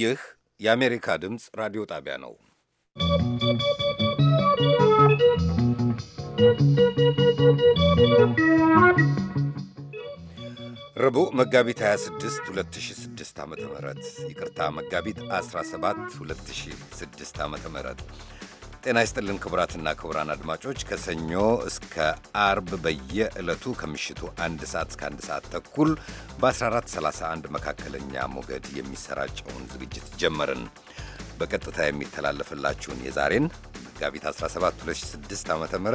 ይህ የአሜሪካ ድምፅ ራዲዮ ጣቢያ ነው። ረቡዕ መጋቢት 26 2006 ዓ ም ይቅርታ፣ መጋቢት 17 2006 ዓ ም ጤና ይስጥልን ክቡራትና ክቡራን አድማጮች ከሰኞ እስከ አርብ በየዕለቱ ከምሽቱ አንድ ሰዓት እስከ አንድ ሰዓት ተኩል በ1431 መካከለኛ ሞገድ የሚሰራጨውን ዝግጅት ጀመርን። በቀጥታ የሚተላለፍላችሁን የዛሬን መጋቢት 17 2006 ዓ ም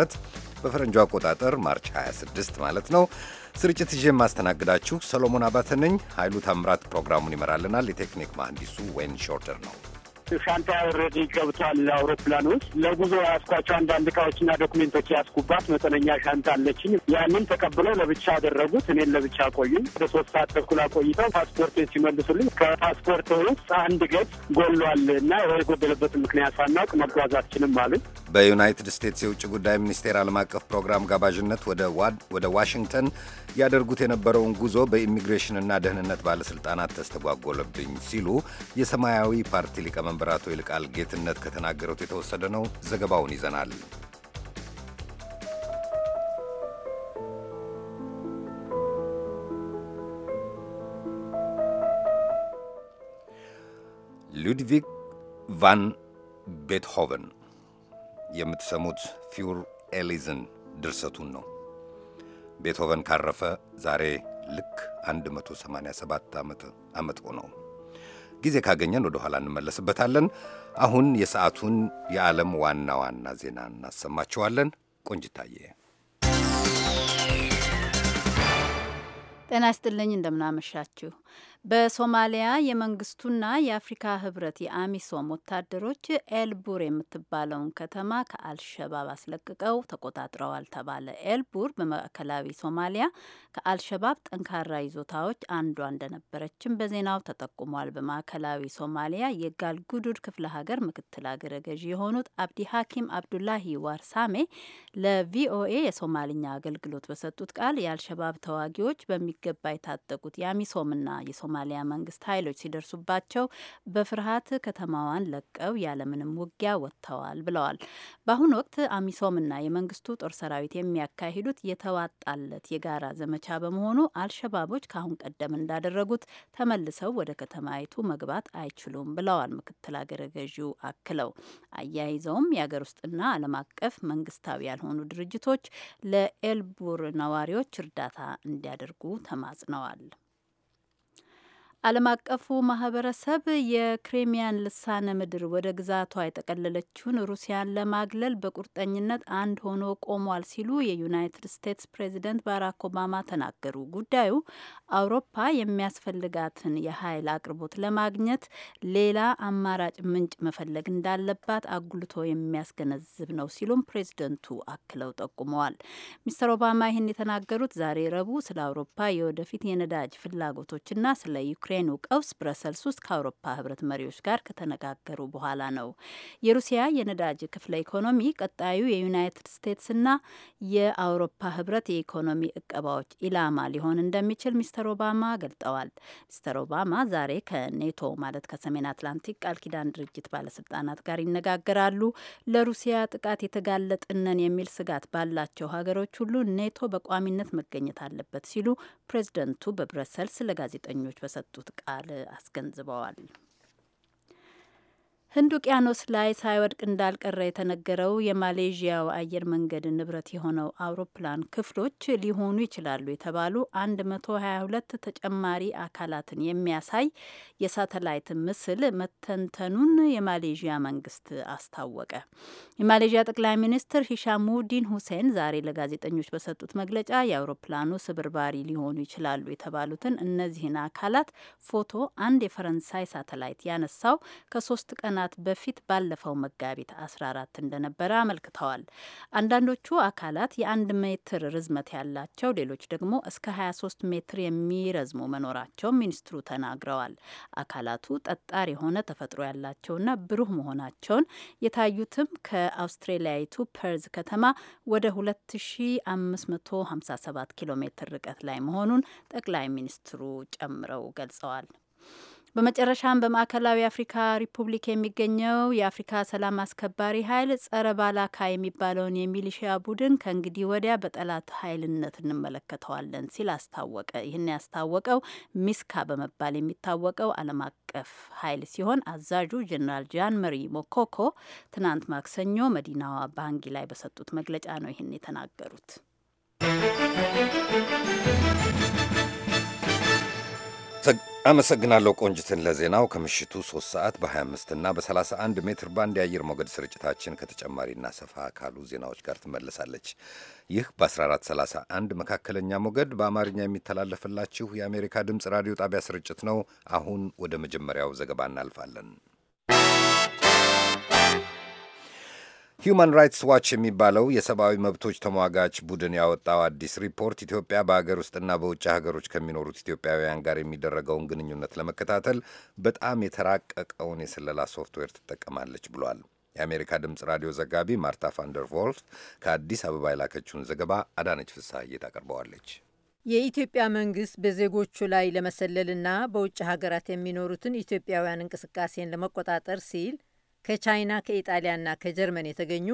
በፈረንጆ አቆጣጠር ማርች 26 ማለት ነው ስርጭት ይዤ የማስተናግዳችሁ ሰሎሞን አባተ ነኝ። ኃይሉ ታምራት ፕሮግራሙን ይመራልናል። የቴክኒክ መሐንዲሱ ወይን ሾርተር ነው። ሻንጣ ኦልሬዲ ገብቷል አውሮፕላን ውስጥ። ለጉዞ ያስኳቸው አንዳንድ እቃዎችና ዶክሜንቶች ያስኩባት መጠነኛ ሻንጣ አለችኝ። ያንን ተቀብለው ለብቻ አደረጉት፣ እኔን ለብቻ ቆዩም። ወደ ሶስት ሰዓት ተኩል አቆይተው ፓስፖርት ሲመልሱልኝ ከፓስፖርት ውስጥ አንድ ገጽ ጎሏል እና የጎደለበትን ምክንያት ሳናውቅ መጓዛችንም አሉኝ። በዩናይትድ ስቴትስ የውጭ ጉዳይ ሚኒስቴር ዓለም አቀፍ ፕሮግራም ጋባዥነት ወደ ዋሽንግተን ያደርጉት የነበረውን ጉዞ በኢሚግሬሽንና ደህንነት ባለሥልጣናት ተስተጓጎለብኝ ሲሉ የሰማያዊ ፓርቲ ሊቀመንበር ሊቀመንበር አቶ ይልቃል ጌትነት ከተናገሩት የተወሰደ ነው። ዘገባውን ይዘናል። ሉድቪግ ቫን ቤትሆቨን የምትሰሙት ፊውር ኤሊዝን ድርሰቱን ነው። ቤትሆቨን ካረፈ ዛሬ ልክ 187 ዓመት ሆነው። ጊዜ ካገኘን ወደ ኋላ እንመለስበታለን። አሁን የሰዓቱን የዓለም ዋና ዋና ዜና እናሰማችኋለን። ቆንጅታዬ ጤና ይስጥልኝ እንደምናመሻችሁ። በሶማሊያ የመንግስቱና የአፍሪካ ህብረት የአሚሶም ወታደሮች ኤልቡር የምትባለውን ከተማ ከአልሸባብ አስለቅቀው ተቆጣጥረዋል ተባለ። ኤልቡር በማዕከላዊ ሶማሊያ ከአልሸባብ ጠንካራ ይዞታዎች አንዷ እንደነበረችም በዜናው ተጠቁሟል። በማዕከላዊ ሶማሊያ የጋልጉዱድ ክፍለ ሀገር ምክትል አገረ ገዢ የሆኑት አብዲ ሀኪም አብዱላሂ ዋርሳሜ ለቪኦኤ የሶማልኛ አገልግሎት በሰጡት ቃል የአልሸባብ ተዋጊዎች በሚገባ የታጠቁት የአሚሶምና የሶማሊያ መንግስት ኃይሎች ሲደርሱባቸው በፍርሃት ከተማዋን ለቀው ያለምንም ውጊያ ወጥተዋል ብለዋል። በአሁኑ ወቅት አሚሶምና የመንግስቱ ጦር ሰራዊት የሚያካሂዱት የተዋጣለት የጋራ ዘመቻ በመሆኑ አልሸባቦች ከአሁን ቀደም እንዳደረጉት ተመልሰው ወደ ከተማይቱ መግባት አይችሉም ብለዋል ምክትል አገረ ገዢው አክለው። አያይዘውም የአገር ውስጥና ዓለም አቀፍ መንግስታዊ ያልሆኑ ድርጅቶች ለኤልቡር ነዋሪዎች እርዳታ እንዲያደርጉ ተማጽነዋል። ዓለም አቀፉ ማህበረሰብ የክሬሚያን ልሳነ ምድር ወደ ግዛቷ የጠቀለለችውን ሩሲያን ለማግለል በቁርጠኝነት አንድ ሆኖ ቆሟል ሲሉ የዩናይትድ ስቴትስ ፕሬዚደንት ባራክ ኦባማ ተናገሩ። ጉዳዩ አውሮፓ የሚያስፈልጋትን የኃይል አቅርቦት ለማግኘት ሌላ አማራጭ ምንጭ መፈለግ እንዳለባት አጉልቶ የሚያስገነዝብ ነው ሲሉም ፕሬዚደንቱ አክለው ጠቁመዋል። ሚስተር ኦባማ ይህን የተናገሩት ዛሬ ረቡዕ ስለ አውሮፓ የወደፊት የነዳጅ ፍላጎቶችና ስለ የዩክሬኑ ቀውስ ብረሰልስ ውስጥ ከአውሮፓ ህብረት መሪዎች ጋር ከተነጋገሩ በኋላ ነው። የሩሲያ የነዳጅ ክፍለ ኢኮኖሚ ቀጣዩ የዩናይትድ ስቴትስና የአውሮፓ ህብረት የኢኮኖሚ እቀባዎች ኢላማ ሊሆን እንደሚችል ሚስተር ኦባማ ገልጠዋል። ሚስተር ኦባማ ዛሬ ከኔቶ ማለት ከሰሜን አትላንቲክ ቃል ኪዳን ድርጅት ባለስልጣናት ጋር ይነጋገራሉ። ለሩሲያ ጥቃት የተጋለጥነን የሚል ስጋት ባላቸው ሀገሮች ሁሉ ኔቶ በቋሚነት መገኘት አለበት ሲሉ ፕሬዚደንቱ በብረሰልስ ለጋዜጠኞች በሰጡ በሰጡት ቃል አስገንዝበዋል። ህንድ ውቅያኖስ ላይ ሳይወድቅ እንዳልቀረ የተነገረው የማሌዥያው አየር መንገድ ንብረት የሆነው አውሮፕላን ክፍሎች ሊሆኑ ይችላሉ የተባሉ 122 ተጨማሪ አካላትን የሚያሳይ የሳተላይት ምስል መተንተኑን የማሌዥያ መንግስት አስታወቀ። የማሌዥያ ጠቅላይ ሚኒስትር ሂሻሙዲን ሁሴን ዛሬ ለጋዜጠኞች በሰጡት መግለጫ የአውሮፕላኑ ስብርባሪ ሊሆኑ ይችላሉ የተባሉትን እነዚህን አካላት ፎቶ አንድ የፈረንሳይ ሳተላይት ያነሳው ከሶስት ቀና ቀናት በፊት ባለፈው መጋቢት 14 እንደነበረ አመልክተዋል። አንዳንዶቹ አካላት የአንድ ሜትር ርዝመት ያላቸው፣ ሌሎች ደግሞ እስከ 23 ሜትር የሚረዝሙ መኖራቸው ሚኒስትሩ ተናግረዋል። አካላቱ ጠጣር የሆነ ተፈጥሮ ያላቸውና ብሩህ መሆናቸውን የታዩትም ከአውስትሬሊያዊቱ ፐርዝ ከተማ ወደ 2557 ኪሎ ሜትር ርቀት ላይ መሆኑን ጠቅላይ ሚኒስትሩ ጨምረው ገልጸዋል። በመጨረሻም በማዕከላዊ አፍሪካ ሪፑብሊክ የሚገኘው የአፍሪካ ሰላም አስከባሪ ኃይል ጸረ ባላካ የሚባለውን የሚሊሽያ ቡድን ከእንግዲህ ወዲያ በጠላት ኃይልነት እንመለከተዋለን ሲል አስታወቀ። ይህን ያስታወቀው ሚስካ በመባል የሚታወቀው ዓለም አቀፍ ኃይል ሲሆን አዛዡ ጀኔራል ጃን መሪ ሞኮኮ ትናንት ማክሰኞ መዲናዋ ባንጊ ላይ በሰጡት መግለጫ ነው ይህን የተናገሩት። አመሰግናለሁ ቆንጅትን ለዜናው። ከምሽቱ 3 ሰዓት በ25 እና በ31 ሜትር ባንድ የአየር ሞገድ ስርጭታችን ከተጨማሪና ሰፋ ካሉ ዜናዎች ጋር ትመለሳለች። ይህ በ1431 መካከለኛ ሞገድ በአማርኛ የሚተላለፍላችሁ የአሜሪካ ድምፅ ራዲዮ ጣቢያ ስርጭት ነው። አሁን ወደ መጀመሪያው ዘገባ እናልፋለን። ሂዩማን ራይትስ ዋች የሚባለው የሰብአዊ መብቶች ተሟጋች ቡድን ያወጣው አዲስ ሪፖርት ኢትዮጵያ በሀገር ውስጥና በውጭ ሀገሮች ከሚኖሩት ኢትዮጵያውያን ጋር የሚደረገውን ግንኙነት ለመከታተል በጣም የተራቀቀውን የስለላ ሶፍትዌር ትጠቀማለች ብሏል። የአሜሪካ ድምፅ ራዲዮ ዘጋቢ ማርታ ፋንደር ቮልፍ ከአዲስ አበባ የላከችውን ዘገባ አዳነች ፍስሐዬ ታቀርበዋለች። የኢትዮጵያ መንግስት በዜጎቹ ላይ ለመሰለልና በውጭ ሀገራት የሚኖሩትን ኢትዮጵያውያን እንቅስቃሴን ለመቆጣጠር ሲል ከቻይና ከኢጣሊያና ከጀርመን የተገኙ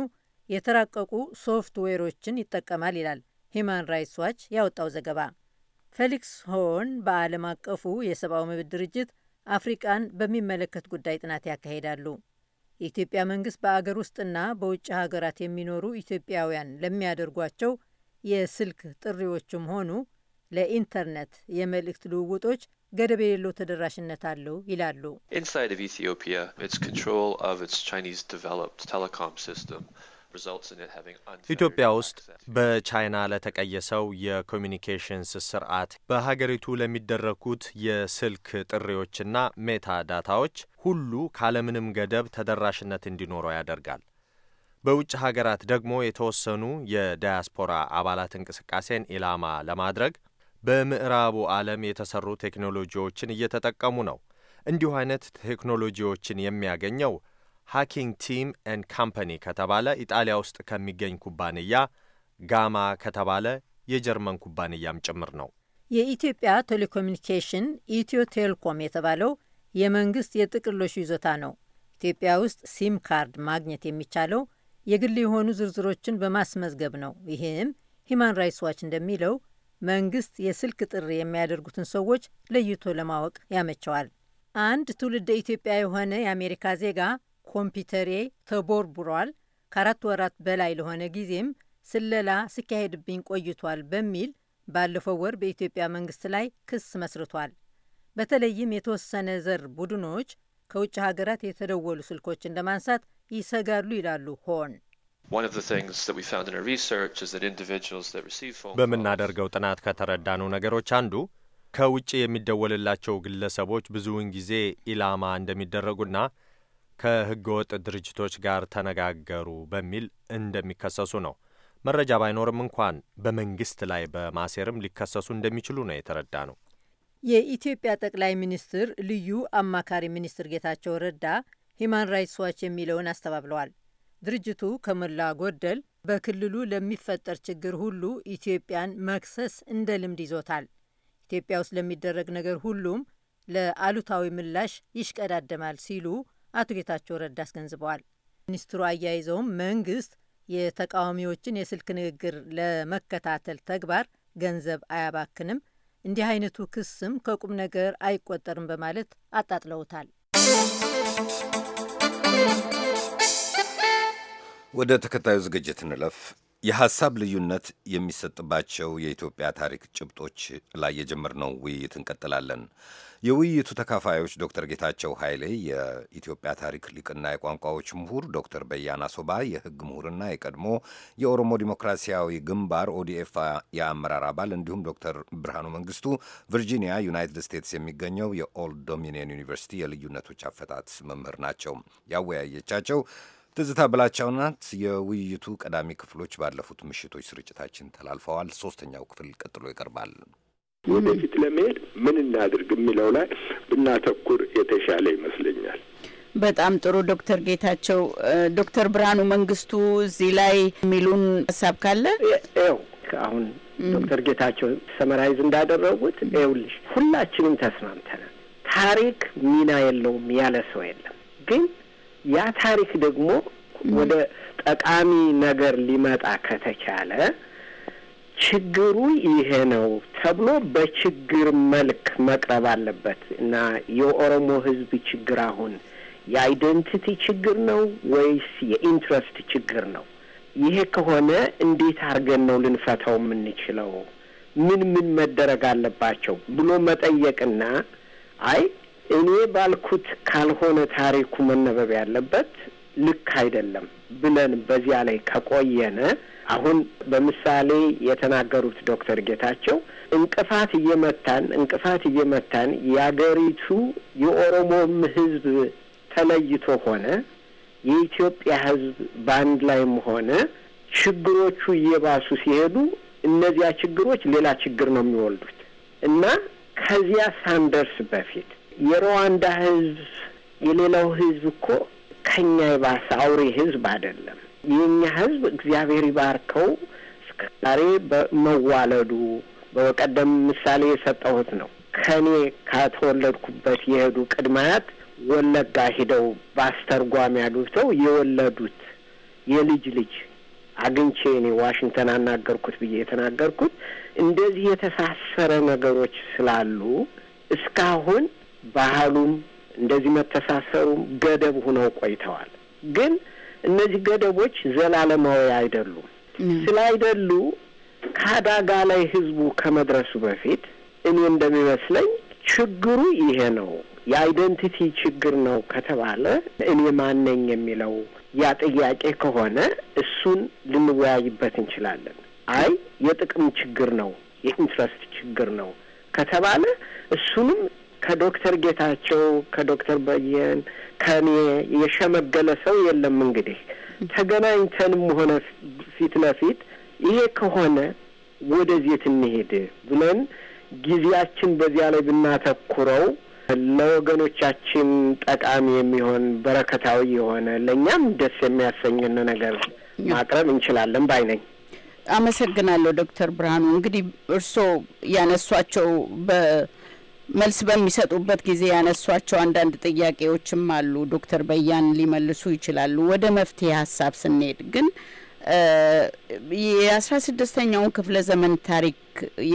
የተራቀቁ ሶፍትዌሮችን ይጠቀማል ይላል ሂማን ራይትስ ዋች ያወጣው ዘገባ። ፌሊክስ ሆን በዓለም አቀፉ የሰብአዊ መብት ድርጅት አፍሪቃን በሚመለከት ጉዳይ ጥናት ያካሂዳሉ። የኢትዮጵያ መንግስት በአገር ውስጥና በውጭ ሀገራት የሚኖሩ ኢትዮጵያውያን ለሚያደርጓቸው የስልክ ጥሪዎችም ሆኑ ለኢንተርኔት የመልእክት ልውውጦች ገደብ የሌለው ተደራሽነት አለው ይላሉ። ኢትዮጵያ ውስጥ በቻይና ለተቀየሰው የኮሚኒኬሽንስ ስርዓት በሀገሪቱ ለሚደረጉት የስልክ ጥሪዎችና ሜታ ዳታዎች ሁሉ ካለምንም ገደብ ተደራሽነት እንዲኖረው ያደርጋል። በውጭ ሀገራት ደግሞ የተወሰኑ የዳያስፖራ አባላት እንቅስቃሴን ኢላማ ለማድረግ በምዕራቡ ዓለም የተሰሩ ቴክኖሎጂዎችን እየተጠቀሙ ነው። እንዲሁ አይነት ቴክኖሎጂዎችን የሚያገኘው ሃኪንግ ቲም ኤንድ ካምፓኒ ከተባለ ኢጣሊያ ውስጥ ከሚገኝ ኩባንያ ጋማ ከተባለ የጀርመን ኩባንያም ጭምር ነው። የኢትዮጵያ ቴሌኮሚኒኬሽን ኢትዮ ቴሌኮም የተባለው የመንግስት የጥቅሎሹ ይዞታ ነው። ኢትዮጵያ ውስጥ ሲም ካርድ ማግኘት የሚቻለው የግል የሆኑ ዝርዝሮችን በማስመዝገብ ነው። ይህም ሂማን ራይትስ ዋች እንደሚለው መንግስት የስልክ ጥሪ የሚያደርጉትን ሰዎች ለይቶ ለማወቅ ያመቸዋል። አንድ ትውልደ ኢትዮጵያ የሆነ የአሜሪካ ዜጋ ኮምፒውተሬ ተቦርቡሯል፣ ከአራት ወራት በላይ ለሆነ ጊዜም ስለላ ሲካሄድብኝ ቆይቷል በሚል ባለፈው ወር በኢትዮጵያ መንግስት ላይ ክስ መስርቷል። በተለይም የተወሰነ ዘር ቡድኖች ከውጭ ሀገራት የተደወሉ ስልኮችን ለማንሳት ይሰጋሉ ይላሉ ሆን። በምናደርገው ጥናት ከተረዳነው ነገሮች አንዱ ከውጭ የሚደወልላቸው ግለሰቦች ብዙውን ጊዜ ኢላማ እንደሚደረጉና ከህገወጥ ድርጅቶች ጋር ተነጋገሩ በሚል እንደሚከሰሱ ነው። መረጃ ባይኖርም እንኳን በመንግስት ላይ በማሴርም ሊከሰሱ እንደሚችሉ ነው የተረዳ ነው። የኢትዮጵያ ጠቅላይ ሚኒስትር ልዩ አማካሪ ሚኒስትር ጌታቸው ረዳ ሂማን ራይትስ ዋች የሚለውን አስተባብለዋል። ድርጅቱ ከሞላ ጎደል በክልሉ ለሚፈጠር ችግር ሁሉ ኢትዮጵያን መክሰስ እንደ ልምድ ይዞታል። ኢትዮጵያ ውስጥ ለሚደረግ ነገር ሁሉም ለአሉታዊ ምላሽ ይሽቀዳደማል ሲሉ አቶ ጌታቸው ረዳ አስገንዝበዋል። ሚኒስትሩ አያይዘውም መንግስት የተቃዋሚዎችን የስልክ ንግግር ለመከታተል ተግባር ገንዘብ አያባክንም፣ እንዲህ አይነቱ ክስም ከቁም ነገር አይቆጠርም በማለት አጣጥለውታል። ወደ ተከታዩ ዝግጅት እንለፍ። የሐሳብ ልዩነት የሚሰጥባቸው የኢትዮጵያ ታሪክ ጭብጦች ላይ የጀመርነው ውይይት እንቀጥላለን። የውይይቱ ተካፋዮች ዶክተር ጌታቸው ኃይሌ የኢትዮጵያ ታሪክ ሊቅና የቋንቋዎች ምሁር፣ ዶክተር በያና ሶባ የሕግ ምሁርና የቀድሞ የኦሮሞ ዲሞክራሲያዊ ግንባር ኦዲኤፍ የአመራር አባል እንዲሁም ዶክተር ብርሃኑ መንግስቱ ቨርጂኒያ ዩናይትድ ስቴትስ የሚገኘው የኦልድ ዶሚኒየን ዩኒቨርሲቲ የልዩነቶች አፈታት መምህር ናቸው። ያወያየቻቸው ትዝታ ብላቸው ናት። የውይይቱ ቀዳሚ ክፍሎች ባለፉት ምሽቶች ስርጭታችን ተላልፈዋል። ሶስተኛው ክፍል ቀጥሎ ይቀርባል። ወደፊት ለመሄድ ምን እናድርግ የሚለው ላይ ብናተኩር የተሻለ ይመስለኛል። በጣም ጥሩ ዶክተር ጌታቸው። ዶክተር ብርሃኑ መንግስቱ እዚህ ላይ የሚሉን ሀሳብ ካለ ው አሁን ዶክተር ጌታቸው ሰመራይዝ እንዳደረጉት ይኸውልሽ ሁላችንም ተስማምተናል። ታሪክ ሚና የለውም ያለ ሰው የለም። ግን ያ ታሪክ ደግሞ ወደ ጠቃሚ ነገር ሊመጣ ከተቻለ ችግሩ ይሄ ነው ተብሎ በችግር መልክ መቅረብ አለበት እና የኦሮሞ ህዝብ ችግር አሁን የአይደንቲቲ ችግር ነው ወይስ የኢንትረስት ችግር ነው? ይሄ ከሆነ እንዴት አድርገን ነው ልንፈታው የምንችለው? ምን ምን መደረግ አለባቸው ብሎ መጠየቅና አይ እኔ ባልኩት ካልሆነ ታሪኩ መነበብ ያለበት ልክ አይደለም ብለን በዚያ ላይ ከቆየነ አሁን በምሳሌ የተናገሩት ዶክተር ጌታቸው እንቅፋት እየመታን እንቅፋት እየመታን የአገሪቱ የኦሮሞም ህዝብ ተለይቶ ሆነ የኢትዮጵያ ህዝብ በአንድ ላይም ሆነ ችግሮቹ እየባሱ ሲሄዱ እነዚያ ችግሮች ሌላ ችግር ነው የሚወልዱት እና ከዚያ ሳንደርስ በፊት የሩዋንዳ ህዝብ የሌላው ህዝብ እኮ ከኛ የባሰ አውሬ ህዝብ አይደለም። የእኛ ህዝብ እግዚአብሔር ይባርከው እስከ ዛሬ በመዋለዱ በቀደም ምሳሌ የሰጠሁት ነው። ከኔ ከተወለድኩበት የሄዱ ቅድማያት ወለጋ ሂደው በአስተርጓሚ አግብተው የወለዱት የልጅ ልጅ አግኝቼ እኔ ዋሽንግተን አናገርኩት ብዬ የተናገርኩት እንደዚህ የተሳሰረ ነገሮች ስላሉ እስካሁን ባህሉም እንደዚህ መተሳሰሩም ገደብ ሆነው ቆይተዋል። ግን እነዚህ ገደቦች ዘላለማዊ አይደሉም። ስላይደሉ ከአደጋ ላይ ህዝቡ ከመድረሱ በፊት እኔ እንደሚመስለኝ ችግሩ ይሄ ነው። የአይደንቲቲ ችግር ነው ከተባለ እኔ ማነኝ የሚለው ያ ጥያቄ ከሆነ እሱን ልንወያይበት እንችላለን። አይ የጥቅም ችግር ነው፣ የኢንትረስት ችግር ነው ከተባለ እሱንም ከዶክተር ጌታቸው ከዶክተር በየን ከኔ የሸመገለ ሰው የለም። እንግዲህ ተገናኝተንም ሆነ ፊት ለፊት ይሄ ከሆነ ወደዚህ እንሄድ ብለን ጊዜያችን በዚያ ላይ ብናተኩረው ለወገኖቻችን ጠቃሚ የሚሆን በረከታዊ የሆነ ለእኛም ደስ የሚያሰኝን ነገር ማቅረብ እንችላለን ባይ ነኝ። አመሰግናለሁ ዶክተር ብርሃኑ። እንግዲህ እርስዎ ያነሷቸው በ መልስ በሚሰጡበት ጊዜ ያነሷቸው አንዳንድ ጥያቄዎችም አሉ። ዶክተር በያን ሊመልሱ ይችላሉ። ወደ መፍትሄ ሀሳብ ስንሄድ ግን የአስራ ስድስተኛውን ክፍለ ዘመን ታሪክ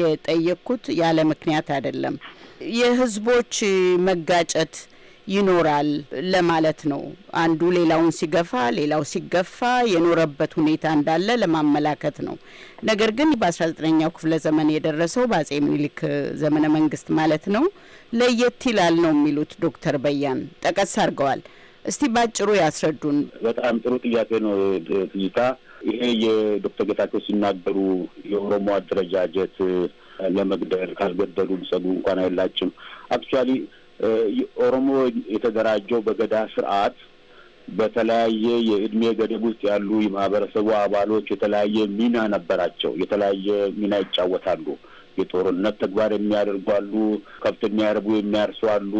የጠየቅኩት ያለ ምክንያት አይደለም። የህዝቦች መጋጨት ይኖራል ለማለት ነው። አንዱ ሌላውን ሲገፋ፣ ሌላው ሲገፋ የኖረበት ሁኔታ እንዳለ ለማመላከት ነው። ነገር ግን በ19ኛው ክፍለ ዘመን የደረሰው በአጼ ምኒልክ ዘመነ መንግስት ማለት ነው ለየት ይላል ነው የሚሉት ዶክተር በያን ጠቀስ አድርገዋል። እስቲ ባጭሩ ያስረዱን። በጣም ጥሩ ጥያቄ ነው ትይታ። ይሄ የዶክተር ጌታቸው ሲናገሩ የኦሮሞ አደረጃጀት ለመግደል ካልገደሉም ጸጉ እንኳን አይላችም አክቹዋሊ ኦሮሞ የተደራጀው በገዳ ስርዓት በተለያየ የእድሜ ገደብ ውስጥ ያሉ የማህበረሰቡ አባሎች የተለያየ ሚና ነበራቸው። የተለያየ ሚና ይጫወታሉ። የጦርነት ተግባር የሚያደርጉ አሉ፣ ከብት የሚያርቡ የሚያርሱ አሉ፣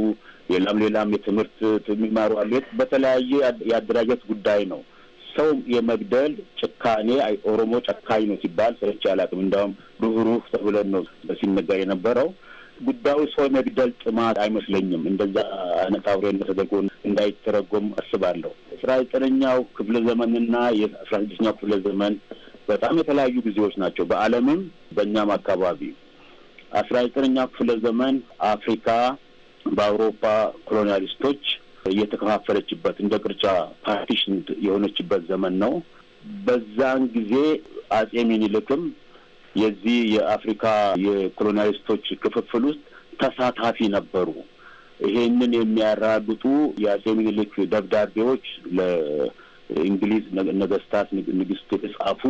ሌላም ሌላም የትምህርት የሚማሩ አሉ። በተለያየ የአደራጀት ጉዳይ ነው። ሰው የመግደል ጭካኔ ኦሮሞ ጨካኝ ነው ሲባል ሰለች አላውቅም። እንዲያውም ሩህሩህ ተብለን ነው ሲነገር የነበረው። ጉዳዩ ሰው የመግደል ጥማት አይመስለኝም። እንደዛ አይነት አውሬነት ተደርጎ እንዳይተረጎም አስባለሁ። አስራ ዘጠነኛው ክፍለ ዘመንና የአስራ ስድስተኛው ክፍለ ዘመን በጣም የተለያዩ ጊዜዎች ናቸው። በዓለምም በእኛም አካባቢ አስራ ዘጠነኛው ክፍለ ዘመን አፍሪካ በአውሮፓ ኮሎኒያሊስቶች እየተከፋፈለችበት እንደ ቅርጫ ፓርቲሽን የሆነችበት ዘመን ነው። በዛን ጊዜ አጼ ሚኒልክም የዚህ የአፍሪካ የኮሎናሊስቶች ክፍፍል ውስጥ ተሳታፊ ነበሩ። ይሄንን የሚያራግጡ የአጼ ምኒልክ ደብዳቤዎች ለእንግሊዝ ነገስታት ንግስት የተጻፉ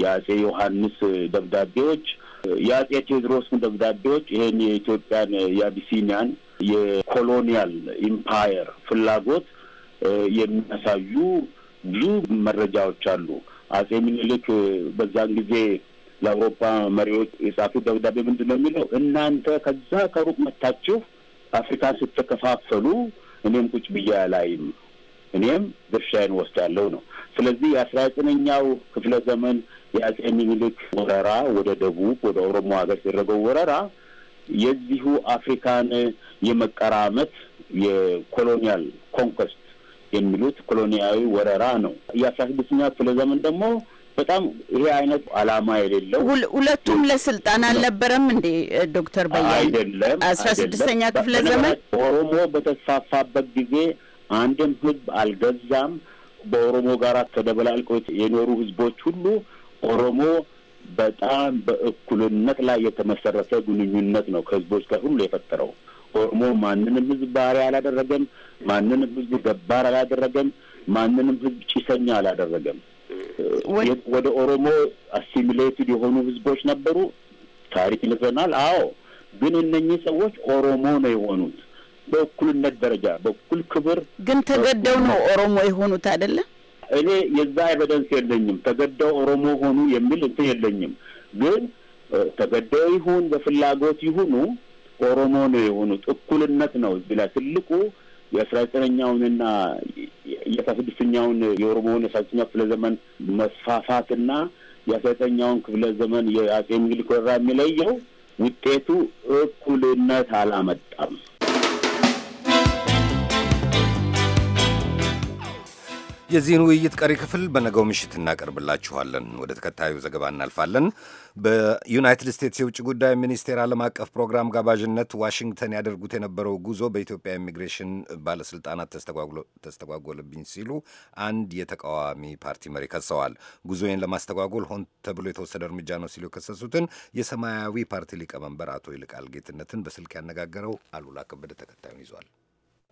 የአጼ ዮሐንስ ደብዳቤዎች፣ የአጼ ቴዎድሮስን ደብዳቤዎች ይሄን የኢትዮጵያን የአቢሲኒያን የኮሎኒያል ኢምፓየር ፍላጎት የሚያሳዩ ብዙ መረጃዎች አሉ። አጼ ምኒልክ በዛን ጊዜ ለአውሮፓ መሪዎች የጻፉት ደብዳቤ ምንድን ነው የሚለው? እናንተ ከዛ ከሩቅ መታችሁ አፍሪካን ስትከፋፈሉ እኔም ቁጭ ብዬ አላይም፣ እኔም ድርሻዬን ወስዳለሁ ነው። ስለዚህ የአስራ ዘጠነኛው ክፍለ ዘመን የአጼ ምኒልክ ወረራ ወደ ደቡብ ወደ ኦሮሞ ሀገር ሲደረገው ወረራ የዚሁ አፍሪካን የመቀራመት የኮሎኒያል ኮንኮስት የሚሉት ኮሎኒያዊ ወረራ ነው። የአስራ ስድስተኛው ክፍለ ዘመን ደግሞ በጣም ይሄ አይነት አላማ የሌለው ሁለቱም ለስልጣን አልነበረም እንዴ ዶክተር በያ አይደለም። አስራ ስድስተኛ ክፍለ ዘመን ኦሮሞ በተስፋፋበት ጊዜ አንድም ህዝብ አልገዛም። በኦሮሞ ጋር ተደበላልቆ የኖሩ ህዝቦች ሁሉ ኦሮሞ በጣም በእኩልነት ላይ የተመሰረተ ግንኙነት ነው ከህዝቦች ጋር ሁሉ የፈጠረው። ኦሮሞ ማንንም ህዝብ ባሪያ አላደረገም። ማንንም ህዝብ ገባር አላደረገም። ማንንም ህዝብ ጭሰኛ አላደረገም። ወደ ኦሮሞ አሲሚሌትድ የሆኑ ህዝቦች ነበሩ። ታሪክ ይልፈናል። አዎ፣ ግን እነኚህ ሰዎች ኦሮሞ ነው የሆኑት በእኩልነት ደረጃ በኩል ክብር ግን ተገደው ነው ኦሮሞ የሆኑት አይደለም እኔ የዛ ኤቪደንስ የለኝም። ተገደው ኦሮሞ ሆኑ የሚል እንትን የለኝም። ግን ተገደው ይሁን በፍላጎት ይሁኑ ኦሮሞ ነው የሆኑት። እኩልነት ነው እዚህ ላይ ትልቁ የአስራ ዘጠነኛውንና የአስራ ስድስተኛውን የኦሮሞውን የአስራ ስድስተኛው ክፍለ ዘመን መስፋፋትና የአስራ ዘጠነኛውን ክፍለ ዘመን የአጼ ምኒልክ ወረራ የሚለየው ውጤቱ እኩልነት አላመጣም። የዚህን ውይይት ቀሪ ክፍል በነገው ምሽት እናቀርብላችኋለን። ወደ ተከታዩ ዘገባ እናልፋለን። በዩናይትድ ስቴትስ የውጭ ጉዳይ ሚኒስቴር ዓለም አቀፍ ፕሮግራም ጋባዥነት ዋሽንግተን ያደርጉት የነበረው ጉዞ በኢትዮጵያ ኢሚግሬሽን ባለስልጣናት ተስተጓጎለብኝ ሲሉ አንድ የተቃዋሚ ፓርቲ መሪ ከሰዋል። ጉዞዬን ለማስተጓጎል ሆን ተብሎ የተወሰደ እርምጃ ነው ሲሉ የከሰሱትን የሰማያዊ ፓርቲ ሊቀመንበር አቶ ይልቃል ጌትነትን በስልክ ያነጋገረው አሉላ ከበደ ተከታዩን ይዟል።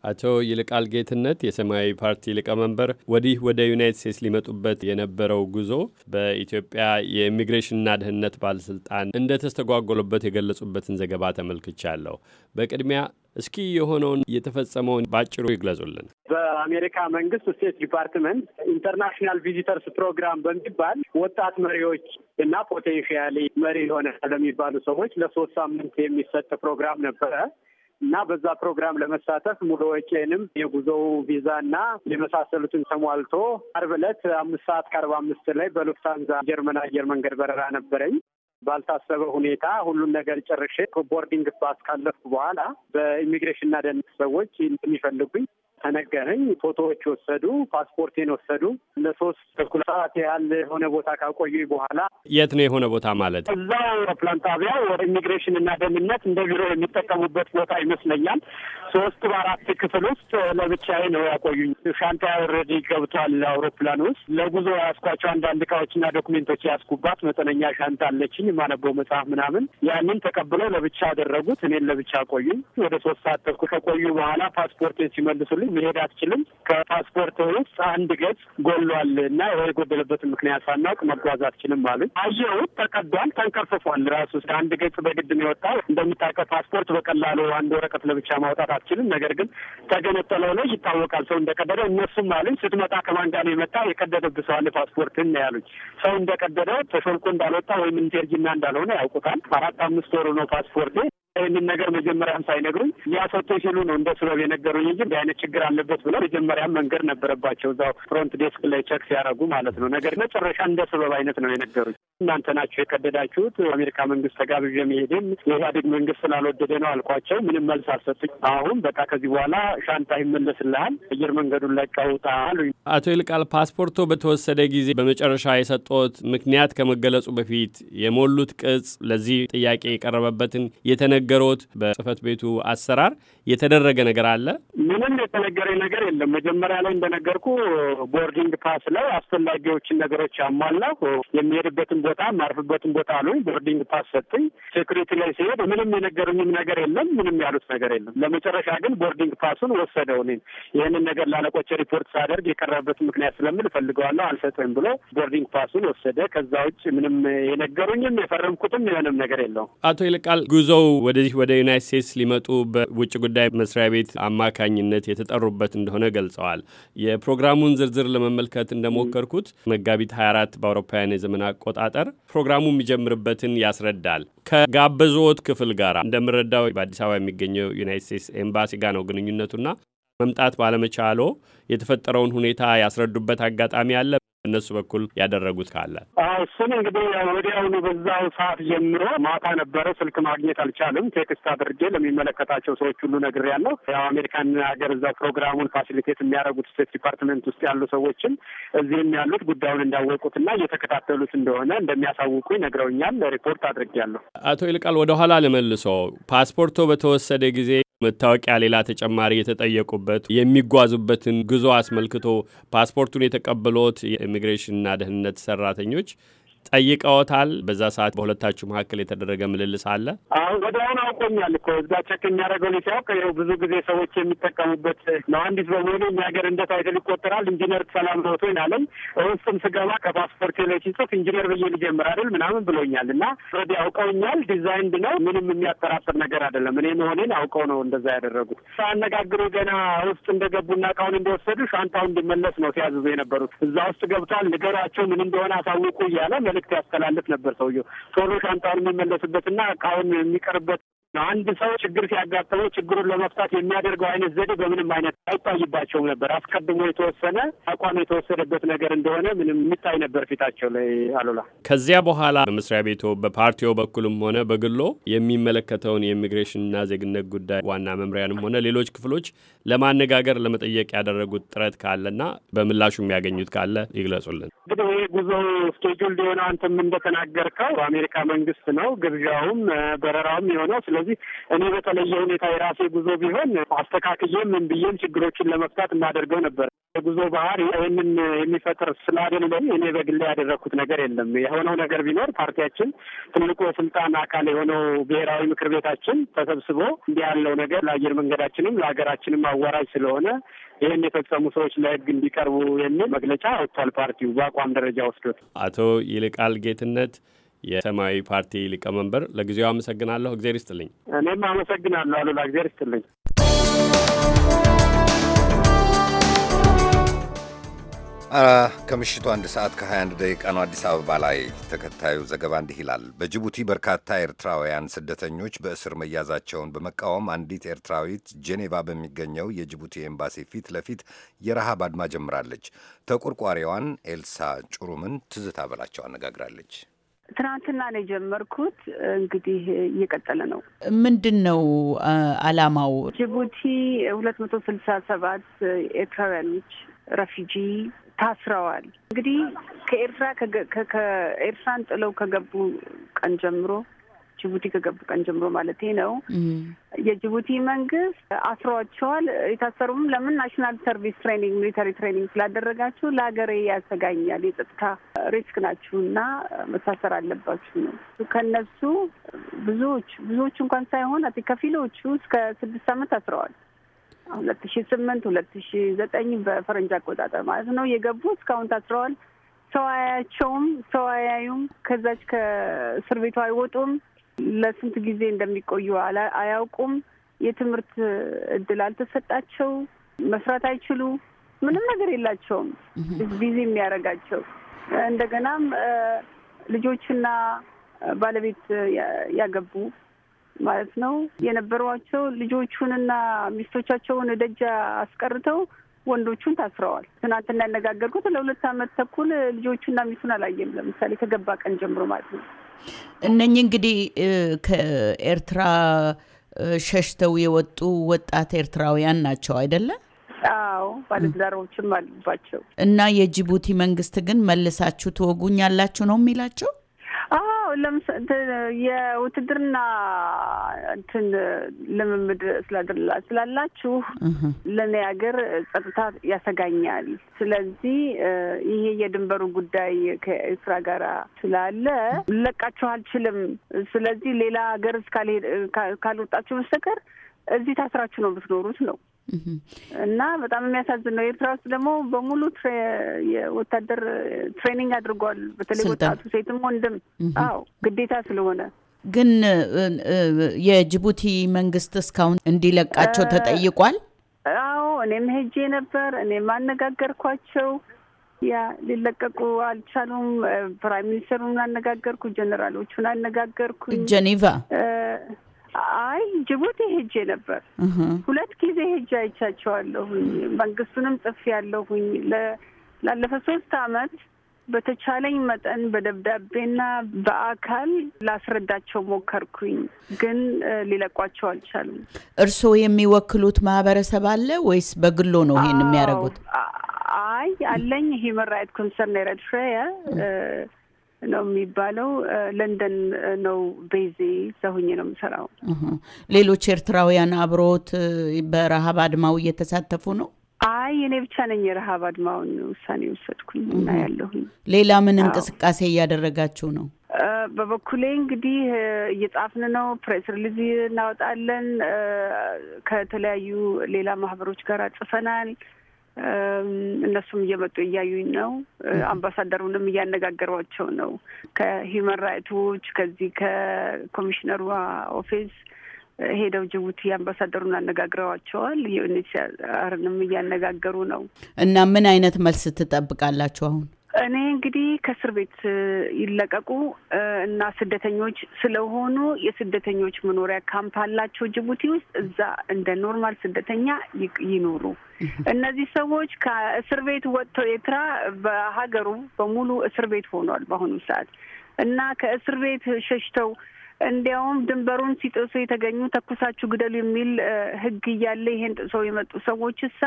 አቶ ይልቃል ጌትነት የሰማያዊ ፓርቲ ሊቀመንበር ወዲህ ወደ ዩናይት ስቴትስ ሊመጡበት የነበረው ጉዞ በኢትዮጵያ የኢሚግሬሽንና ደህንነት ባለስልጣን እንደተስተጓጎለበት የገለጹበትን ዘገባ ተመልክቻለሁ። በቅድሚያ እስኪ የሆነውን የተፈጸመውን ባጭሩ ይግለጹልን። በአሜሪካ መንግስት ስቴት ዲፓርትመንት ኢንተርናሽናል ቪዚተርስ ፕሮግራም በሚባል ወጣት መሪዎች እና ፖቴንሽያሊ መሪ የሆነ ለሚባሉ ሰዎች ለሶስት ሳምንት የሚሰጥ ፕሮግራም ነበረ። እና በዛ ፕሮግራም ለመሳተፍ ሙሉ ወጪንም የጉዞው ቪዛ እና የመሳሰሉትን ተሟልቶ አርብ ዕለት አምስት ሰዓት ከአርባ አምስት ላይ በሉፍታንዛ ጀርመን አየር መንገድ በረራ ነበረኝ። ባልታሰበ ሁኔታ ሁሉን ነገር ጨርሼ ቦርዲንግ ፓስ ካለፍኩ በኋላ በኢሚግሬሽንና ደህንነት ሰዎች የሚፈልጉኝ ተነገረኝ። ፎቶዎች ወሰዱ፣ ፓስፖርቴን ወሰዱ። ለሶስት ተኩል ሰዓት ያህል የሆነ ቦታ ካቆዩ በኋላ የት ነው የሆነ ቦታ ማለት እዛ አውሮፕላን ጣቢያ ወደ ኢሚግሬሽን እና ደህንነት እንደ ቢሮ የሚጠቀሙበት ቦታ ይመስለኛል። ሶስት በአራት ክፍል ውስጥ ለብቻዬ ነው ያቆዩኝ። ሻንጣ ኦልሬዲ ገብቷል አውሮፕላን ውስጥ። ለጉዞ ያስኳቸው አንዳንድ እቃዎችና ዶክሜንቶች ያስኩባት መጠነኛ ሻንጣ አለችኝ፣ የማነበው መጽሐፍ ምናምን። ያንን ተቀብለው ለብቻ አደረጉት፣ እኔን ለብቻ ቆዩኝ። ወደ ሶስት ሰዓት ተኩል ከቆዩ በኋላ ፓስፖርቴን ሲመልሱልኝ መሄድ አትችልም። ከፓስፖርት ውስጥ አንድ ገጽ ጎሏል እና ይሄ የጎደለበትን ምክንያት ሳናውቅ መጓዝ አትችልም አሉ። አየሁት። ተቀዷል፣ ተንከርፍፏል። ራሱ አንድ ገጽ በግድ ነው የወጣው። እንደምታውቀው ፓስፖርት በቀላሉ አንድ ወረቀት ለብቻ ማውጣት አትችልም። ነገር ግን ተገነጠለው ላይ ይታወቃል ሰው እንደቀደደ። እነሱም አሉኝ ስትመጣ ከማን ጋር ነው የመጣ የቀደደብህ ሰው አለ ፓስፖርትን ያሉኝ። ሰው እንደቀደደ ተሾልኮ እንዳልወጣ ወይም ኢንቴርጅና እንዳልሆነ ያውቁታል። አራት አምስት ወሩ ነው ፓስፖርቴ ይህንን ነገር መጀመሪያም ሳይነግሩኝ እያሰጡ ሲሉ ነው እንደ ስበብ የነገሩኝ እንጂ አይነት ችግር አለበት ብለው መጀመሪያም መንገድ ነበረባቸው እዛው ፍሮንት ዴስክ ላይ ቸክ ሲያደርጉ ማለት ነው። ነገር መጨረሻ እንደ ስበብ አይነት ነው የነገሩኝ። እናንተ ናቸው የቀደዳችሁት፣ አሜሪካ መንግስት ተጋብዤ መሄድም የኢህአዴግ መንግስት ስላልወደደ ነው አልኳቸው። ምንም መልስ አልሰጡኝ። አሁን በቃ ከዚህ በኋላ ሻንጣ ይመለስልሃል፣ አየር መንገዱን ለቀውጣ አሉኝ። አቶ ይልቃል ፓስፖርቶ በተወሰደ ጊዜ በመጨረሻ የሰጡት ምክንያት ከመገለጹ በፊት የሞሉት ቅጽ ለዚህ ጥያቄ የቀረበበትን የተነ የተቸገሮት በጽህፈት ቤቱ አሰራር የተደረገ ነገር አለ? ምንም የተነገረ ነገር የለም። መጀመሪያ ላይ እንደነገርኩ ቦርዲንግ ፓስ ላይ አስፈላጊዎችን ነገሮች አሟላሁ። የሚሄድበትን ቦታ ማርፍበትን ቦታ አሉኝ። ቦርዲንግ ፓስ ሰጡኝ። ሴኩሪቲ ላይ ሲሄድ ምንም የነገሩኝም ነገር የለም። ምንም ያሉት ነገር የለም። ለመጨረሻ ግን ቦርዲንግ ፓሱን ወሰደው። እኔን ይህንን ነገር ላለቆች ሪፖርት ሳደርግ የቀረበት ምክንያት ስለምል እፈልገዋለሁ አልሰጥም ብሎ ቦርዲንግ ፓሱን ወሰደ። ከዛ ውጭ ምንም የነገሩኝም የፈረምኩትም የሆነም ነገር የለው። አቶ ይልቃል ጉዞው ወደዚህ ወደ ዩናይት ስቴትስ ሊመጡ በውጭ ጉዳይ ጉዳይ መስሪያ ቤት አማካኝነት የተጠሩበት እንደሆነ ገልጸዋል። የፕሮግራሙን ዝርዝር ለመመልከት እንደሞከርኩት መጋቢት 24 በአውሮፓውያን የዘመን አቆጣጠር ፕሮግራሙ የሚጀምርበትን ያስረዳል። ከጋበዞት ክፍል ጋር እንደምረዳው በአዲስ አበባ የሚገኘው ዩናይት ስቴትስ ኤምባሲ ጋር ነው ግንኙነቱና መምጣት ባለመቻሎ የተፈጠረውን ሁኔታ ያስረዱበት አጋጣሚ አለ። እነሱ በኩል ያደረጉት ካለ? አዎ እሱን እንግዲህ ወዲያውኑ በዛው ሰዓት ጀምሮ ማታ ነበረ። ስልክ ማግኘት አልቻልም። ቴክስት አድርጌ ለሚመለከታቸው ሰዎች ሁሉ ነግሬያለሁ። ያው አሜሪካን ሀገር እዛ ፕሮግራሙን ፋሲሊቴት የሚያደርጉት ስቴት ዲፓርትመንት ውስጥ ያሉ ሰዎችም እዚህም ያሉት ጉዳዩን እንዳወቁትና እየተከታተሉት እንደሆነ እንደሚያሳውቁኝ ነግረውኛል። ሪፖርት አድርጌያለሁ። አቶ ይልቃል ወደኋላ ልመልሶ ፓስፖርቶ በተወሰደ ጊዜ መታወቂያ ሌላ ተጨማሪ የተጠየቁበት የሚጓዙበትን ጉዞ አስመልክቶ ፓስፖርቱን የተቀበሎት የኢሚግሬሽንና ደህንነት ሰራተኞች ጠይቀውታል? በዛ ሰዓት በሁለታችሁ መካከል የተደረገ ምልልስ አለ? አሁን ወዲያውኑ አውቆኛል እኮ እዛ ቸክ የሚያደርገው ነው ሲያውቅ፣ ይኸው ብዙ ጊዜ ሰዎች የሚጠቀሙበት መሀንዲስ በመሆኑ የሚያገር እንደ ታይትል ይቆጠራል። ኢንጂነር ሰላም ዘውቶ ይናለኝ ውስጥም ስገባ ከፓስፖርት ላይ ሲጽፍ ኢንጂነር ብዬ ልጀምር አይደል ምናምን ብሎኛል። እና ረዲ አውቀውኛል። ዲዛይንድ ነው ምንም የሚያጠራጥር ነገር አይደለም። እኔ መሆኔን አውቀው ነው እንደዛ ያደረጉት። ሳያነጋግሩ ገና ውስጥ እንደገቡና እቃውን እንደወሰዱ ሻንጣው እንዲመለስ ነው ሲያዝዙ የነበሩት። እዛ ውስጥ ገብቷል፣ ንገሯቸው ምን እንደሆነ አሳውቁ እያለ መልእክት ያስተላልፍ ነበር። ሰውየው ቶሎ ሻንጣውን የሚመለስበትና እቃውን የሚቀርበት አንድ ሰው ችግር ሲያጋጥመው ችግሩን ለመፍታት የሚያደርገው አይነት ዘዴ በምንም አይነት አይታይባቸውም ነበር። አስቀድሞ የተወሰነ አቋም የተወሰደበት ነገር እንደሆነ ምንም የሚታይ ነበር ፊታቸው ላይ አሉላ። ከዚያ በኋላ በመስሪያ ቤቶ በፓርቲው በኩልም ሆነ በግሎ የሚመለከተውን የኢሚግሬሽንና ዜግነት ጉዳይ ዋና መምሪያንም ሆነ ሌሎች ክፍሎች ለማነጋገር ለመጠየቅ ያደረጉት ጥረት ካለና በምላሹ የሚያገኙት ካለ ይግለጹልን። እንግዲህ ይህ ጉዞ ስኬጁል ሊሆነ አንተም እንደተናገርከው አሜሪካ መንግስት ነው ግብዣውም በረራውም የሆነው ስለ ስለዚህ እኔ በተለየ ሁኔታ የራሴ ጉዞ ቢሆን አስተካክዬም ምን ብዬም ችግሮችን ለመፍታት እናደርገው ነበር። የጉዞ ባህር ይህንን የሚፈጥር ስላደለ እኔ በግሌ ያደረግኩት ነገር የለም። የሆነው ነገር ቢኖር ፓርቲያችን ትልቁ የስልጣን አካል የሆነው ብሔራዊ ምክር ቤታችን ተሰብስቦ እንዲህ ያለው ነገር ለአየር መንገዳችንም ለሀገራችንም አዋራጅ ስለሆነ ይህን የፈጸሙ ሰዎች ለህግ እንዲቀርቡ የሚል መግለጫ ወጥቷል። ፓርቲው በአቋም ደረጃ ወስዶት አቶ ይልቃል ጌትነት የሰማያዊ ፓርቲ ሊቀመንበር፣ ለጊዜው አመሰግናለሁ። እግዜር ይስጥልኝ። እኔም አመሰግናለሁ አሉላ። እግዜር ይስጥልኝ። ከምሽቱ አንድ ሰዓት ከ21 ደቂቃ ነው አዲስ አበባ ላይ። ተከታዩ ዘገባ እንዲህ ይላል። በጅቡቲ በርካታ ኤርትራውያን ስደተኞች በእስር መያዛቸውን በመቃወም አንዲት ኤርትራዊት ጄኔቫ በሚገኘው የጅቡቲ ኤምባሲ ፊት ለፊት የረሃብ አድማ ጀምራለች። ተቆርቋሪዋን ኤልሳ ጩሩምን ትዝታ በላቸው አነጋግራለች። ትናንትና ነው የጀመርኩት። እንግዲህ እየቀጠለ ነው። ምንድን ነው አላማው? ጅቡቲ ሁለት መቶ ስልሳ ሰባት ኤርትራውያኖች ረፊጂ ታስረዋል። እንግዲህ ከኤርትራ ከኤርትራን ጥለው ከገቡ ቀን ጀምሮ ጅቡቲ ከገቡ ቀን ጀምሮ ማለት ነው። የጅቡቲ መንግስት አስሯቸዋል። የታሰሩም ለምን ናሽናል ሰርቪስ ትሬኒንግ ሚሊተሪ ትሬኒንግ ስላደረጋችሁ ለሀገሬ ያሰጋኛል፣ የጸጥታ ሪስክ ናችሁ እና መታሰር አለባችሁ ነው። ከነሱ ብዙዎች ብዙዎቹ እንኳን ሳይሆን አ ከፊሎቹ እስከ ስድስት ዓመት ታስረዋል። ሁለት ሺ ስምንት ሁለት ሺ ዘጠኝ በፈረንጅ አቆጣጠር ማለት ነው የገቡ እስካሁን ታስረዋል። ሰው አያቸውም፣ ሰው አያዩም። ከዛች ከእስር ቤቱ አይወጡም። ለስንት ጊዜ እንደሚቆዩ አያውቁም። የትምህርት እድል አልተሰጣቸው፣ መስራት አይችሉ፣ ምንም ነገር የላቸውም ቢዚ የሚያደርጋቸው። እንደገናም ልጆችና ባለቤት ያገቡ ማለት ነው የነበሯቸው ልጆቹንና ሚስቶቻቸውን ደጃ አስቀርተው ወንዶቹን ታስረዋል። ትናንትና ያነጋገርኩት ለሁለት ዓመት ተኩል ልጆቹና ሚስቱን አላየም። ለምሳሌ ከገባ ቀን ጀምሮ ማለት ነው እነኚህ እንግዲህ ከኤርትራ ሸሽተው የወጡ ወጣት ኤርትራውያን ናቸው አይደለም አዎ ባለትዳሮችም አሉባቸው። እና የጅቡቲ መንግስት ግን መልሳችሁ ትወጉኛላችሁ ነው የሚላቸው? የውትድርና እንትን ልምምድ ስላላችሁ ለእኔ ሀገር ጸጥታ ያሰጋኛል። ስለዚህ ይሄ የድንበሩ ጉዳይ ከኤርትራ ጋር ስላለ ልለቃችሁ አልችልም። ስለዚህ ሌላ ሀገር ካልወጣችሁ በስተቀር እዚህ ታስራችሁ ነው የምትኖሩት ነው እና በጣም የሚያሳዝን ነው። ኤርትራ ውስጥ ደግሞ በሙሉ የወታደር ትሬኒንግ አድርጓል። በተለይ ወጣቱ ሴትም ወንድም። አዎ ግዴታ ስለሆነ ግን የጅቡቲ መንግስት እስካሁን እንዲለቃቸው ተጠይቋል። አዎ እኔም ሄጄ ነበር። እኔም አነጋገርኳቸው። ያ ሊለቀቁ አልቻሉም። ፕራይም ሚኒስትሩን አነጋገርኩ፣ ጀኔራሎቹን አነጋገርኩ ጀኔቫ አይ ጅቡቲ ሄጄ ነበር። ሁለት ጊዜ ሄጄ አይቻቸዋለሁኝ። መንግስቱንም ጥፍ ያለሁኝ ላለፈ ሶስት አመት በተቻለኝ መጠን በደብዳቤና በአካል ላስረዳቸው ሞከርኩኝ፣ ግን ሊለቋቸው አልቻሉም። እርስዎ የሚወክሉት ማህበረሰብ አለ ወይስ በግሎ ነው ይሄን የሚያደርጉት? አይ አለኝ ሂውመን ራይት ኮንሰርን ኤረትራያ ነው የሚባለው። ለንደን ነው ቤዜ ሰሁኝ ነው የምሰራው። ሌሎች ኤርትራውያን አብሮት በረሀብ አድማው እየተሳተፉ ነው? አይ እኔ ብቻ ነኝ የረሀብ አድማውን ውሳኔ ወሰድኩኝ እና ያለሁኝ። ሌላ ምን እንቅስቃሴ እያደረጋችሁ ነው? በበኩሌ እንግዲህ እየጻፍን ነው። ፕሬስ ሪሊዝ እናወጣለን። ከተለያዩ ሌላ ማህበሮች ጋር ጽፈናል። እነሱም እየመጡ እያዩኝ ነው። አምባሳደሩንም እያነጋገሯቸው ነው። ከሂውማን ራይትስ ዎች ከዚህ ከኮሚሽነሩ ኦፊስ ሄደው ጅቡቲ አምባሳደሩን አነጋግረዋቸዋል። ዩኤንኤችሲአርንም እያነጋገሩ ነው። እና ምን አይነት መልስ ትጠብቃላችሁ አሁን? እኔ እንግዲህ ከእስር ቤት ይለቀቁ እና ስደተኞች ስለሆኑ የስደተኞች መኖሪያ ካምፕ አላቸው ጅቡቲ ውስጥ። እዛ እንደ ኖርማል ስደተኛ ይኖሩ። እነዚህ ሰዎች ከእስር ቤት ወጥተው ኤርትራ በሀገሩ በሙሉ እስር ቤት ሆኗል በአሁኑ ሰዓት እና ከእስር ቤት ሸሽተው እንዲያውም ድንበሩን ሲጥሱ የተገኙ ተኩሳችሁ ግደሉ የሚል ህግ እያለ ይሄን ጥሰው የመጡ ሰዎች እሳ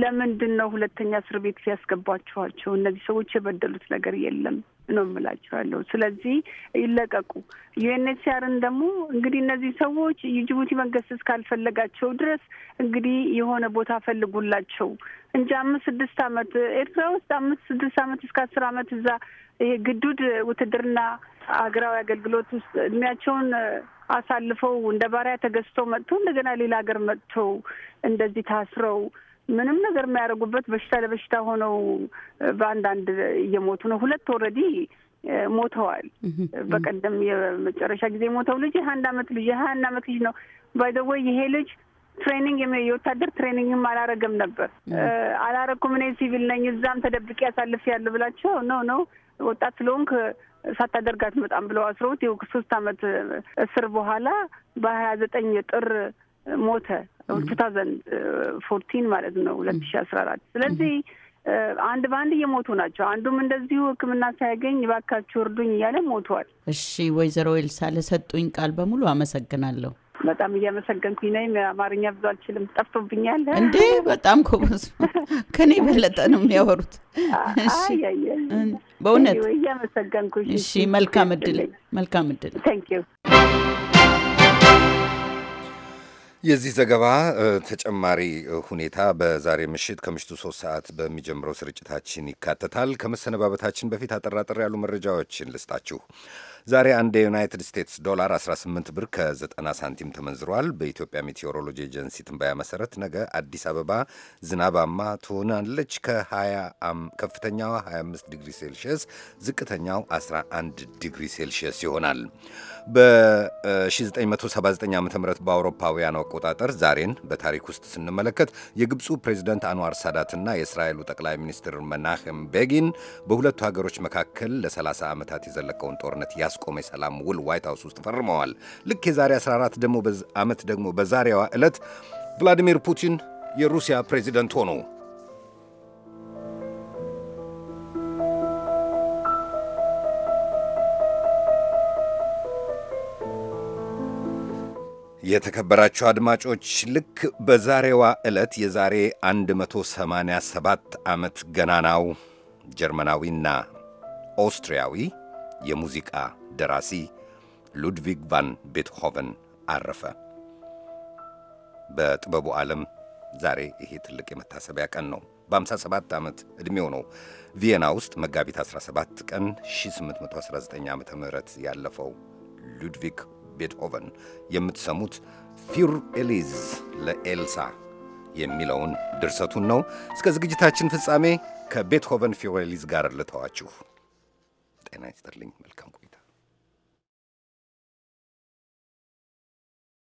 ለምንድን ነው ሁለተኛ እስር ቤት ሲያስገቧችኋቸው? እነዚህ ሰዎች የበደሉት ነገር የለም ነው የምላቸዋለሁ። ስለዚህ ይለቀቁ። ዩኤንኤችሲአርን ደግሞ እንግዲህ እነዚህ ሰዎች የጅቡቲ መንግስት እስካልፈለጋቸው ድረስ እንግዲህ የሆነ ቦታ ፈልጉላቸው እንጂ አምስት ስድስት አመት ኤርትራ ውስጥ አምስት ስድስት አመት እስከ አስር አመት እዛ ይሄ ግዱድ ውትድርና አገራዊ አገልግሎት ውስጥ እድሜያቸውን አሳልፈው እንደ ባሪያ ተገዝተው መጥተው እንደገና ሌላ ሀገር መጥተው እንደዚህ ታስረው ምንም ነገር የሚያደርጉበት በሽታ ለበሽታ ሆነው በአንዳንድ እየሞቱ ነው። ሁለት ኦልሬዲ ሞተዋል። በቀደም የመጨረሻ ጊዜ ሞተው ልጅ የሀያ አንድ አመት ልጅ የሀያ አንድ አመት ልጅ ነው። ባይዘወይ ይሄ ልጅ ትሬኒንግ የወታደር ትሬኒንግም አላረገም ነበር አላረኩም። እኔ ሲቪል ነኝ እዛም ተደብቄ ያሳልፍ ያለ ብላቸው ነው ነው ወጣት ስለሆንክ ሳታደርጋት በጣም ብለው አስረውት ይኸው ከሶስት አመት እስር በኋላ በሀያ ዘጠኝ ጥር ሞተ ቱ ታውዘንድ ፎርቲን ማለት ነው ሁለት ሺ አስራ አራት ስለዚህ አንድ በአንድ እየሞቱ ናቸው። አንዱም እንደዚሁ ሕክምና ሳያገኝ እባካችሁ እርዱኝ እያለ ሞቷል። እሺ፣ ወይዘሮ ኤልሳ ለሰጡኝ ቃል በሙሉ አመሰግናለሁ። በጣም እያመሰገንኩኝ ነኝ። አማርኛ ብዙ አልችልም፣ ጠፍቶብኛል። እንዴ በጣም ኮበዝ፣ ከኔ በለጠ ነው የሚያወሩት። በእውነት እያመሰገንኩኝ። እሺ መልካም እድል፣ መልካም እድል። የዚህ ዘገባ ተጨማሪ ሁኔታ በዛሬ ምሽት ከምሽቱ ሶስት ሰዓት በሚጀምረው ስርጭታችን ይካተታል። ከመሰነባበታችን በፊት አጠራጠር ያሉ መረጃዎችን ልስጣችሁ። ዛሬ አንድ የዩናይትድ ስቴትስ ዶላር 18 ብር ከ90 ሳንቲም ተመንዝሯል። በኢትዮጵያ ሜቴዎሮሎጂ ኤጀንሲ ትንበያ መሰረት ነገ አዲስ አበባ ዝናባማ ትሆናለች። ከፍተኛው 25 ዲግሪ ሴልሽየስ ዝቅተኛው 11 ዲግሪ ሴልሽየስ ይሆናል። በ1979 ዓ ም በአውሮፓውያን አቆጣጠር ዛሬን በታሪክ ውስጥ ስንመለከት የግብፁ ፕሬዚደንት አንዋር ሳዳትና የእስራኤሉ ጠቅላይ ሚኒስትር መናህም ቤጊን በሁለቱ ሀገሮች መካከል ለ30 ዓመታት የዘለቀውን ጦርነት ያስ የማስቆም የሰላም ውል ዋይት ሀውስ ውስጥ ፈርመዋል። ልክ የዛሬ 14 ደግሞ ዓመት ደግሞ በዛሬዋ ዕለት ቭላዲሚር ፑቲን የሩሲያ ፕሬዚደንት ሆኑ። የተከበራቸው አድማጮች ልክ በዛሬዋ ዕለት የዛሬ 187 ዓመት ገናናው ጀርመናዊና ኦስትሪያዊ የሙዚቃ ደራሲ ሉድቪግ ቫን ቤትሆቨን አረፈ። በጥበቡ ዓለም ዛሬ ይሄ ትልቅ የመታሰቢያ ቀን ነው። በ57 ዓመት ዕድሜው ነው ቪየና ውስጥ መጋቢት 17 ቀን 1819 ዓ ም ያለፈው ሉድቪግ ቤትሆቨን። የምትሰሙት ፊር ኤሊዝ ለኤልሳ የሚለውን ድርሰቱን ነው። እስከ ዝግጅታችን ፍጻሜ ከቤትሆቨን ፊር ኤሊዝ ጋር ልተዋችሁ። ጤና ይስጥልኝ። መልካም